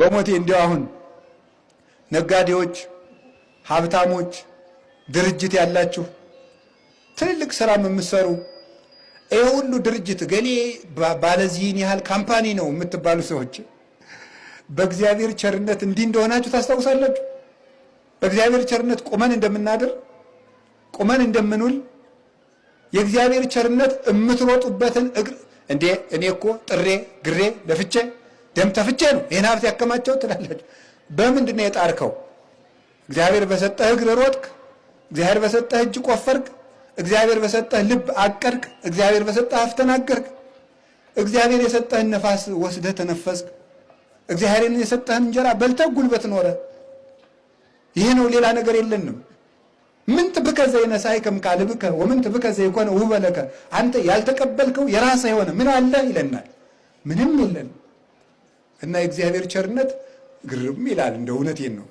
በሞቴ እንዲያው አሁን ነጋዴዎች፣ ሀብታሞች፣ ድርጅት ያላችሁ ትልልቅ ስራም የምትሰሩ ይህ ሁሉ ድርጅት ገሌ ባለዚህን ያህል ካምፓኒ ነው የምትባሉ ሰዎች በእግዚአብሔር ቸርነት እንዲህ እንደሆናችሁ ታስታውሳላችሁ። በእግዚአብሔር ቸርነት ቁመን እንደምናድር ቁመን እንደምንውል የእግዚአብሔር ቸርነት የምትሮጡበትን እግር እንዴ እኔ እኮ ጥሬ ግሬ ለፍቼ ደም ተፍቼ ነው ይህን ሀብት ያከማቸው ትላለች። በምንድን ነው የጣርከው? እግዚአብሔር በሰጠህ እግር ሮጥክ፣ እግዚአብሔር በሰጠህ እጅ ቆፈርክ፣ እግዚአብሔር በሰጠህ ልብ አቀድክ፣ እግዚአብሔር በሰጠህ አፍ ተናገርክ፣ እግዚአብሔር የሰጠህን ነፋስ ወስደህ ተነፈስክ፣ እግዚአብሔርን የሰጠህን እንጀራ በልተህ ጉልበት ኖረ። ይህ ነው፣ ሌላ ነገር የለንም። ምን ጥብከ ዘይነሳይከም ካልብከ ወምን ትብከ ዘይኮነ ውበለከ አንተ ያልተቀበልከው የራስህ የሆነ ምን አለ ይለናል። ምንም የለንም። እና የእግዚአብሔር ቸርነት ግርም ይላል። እንደ እውነቴን ነው።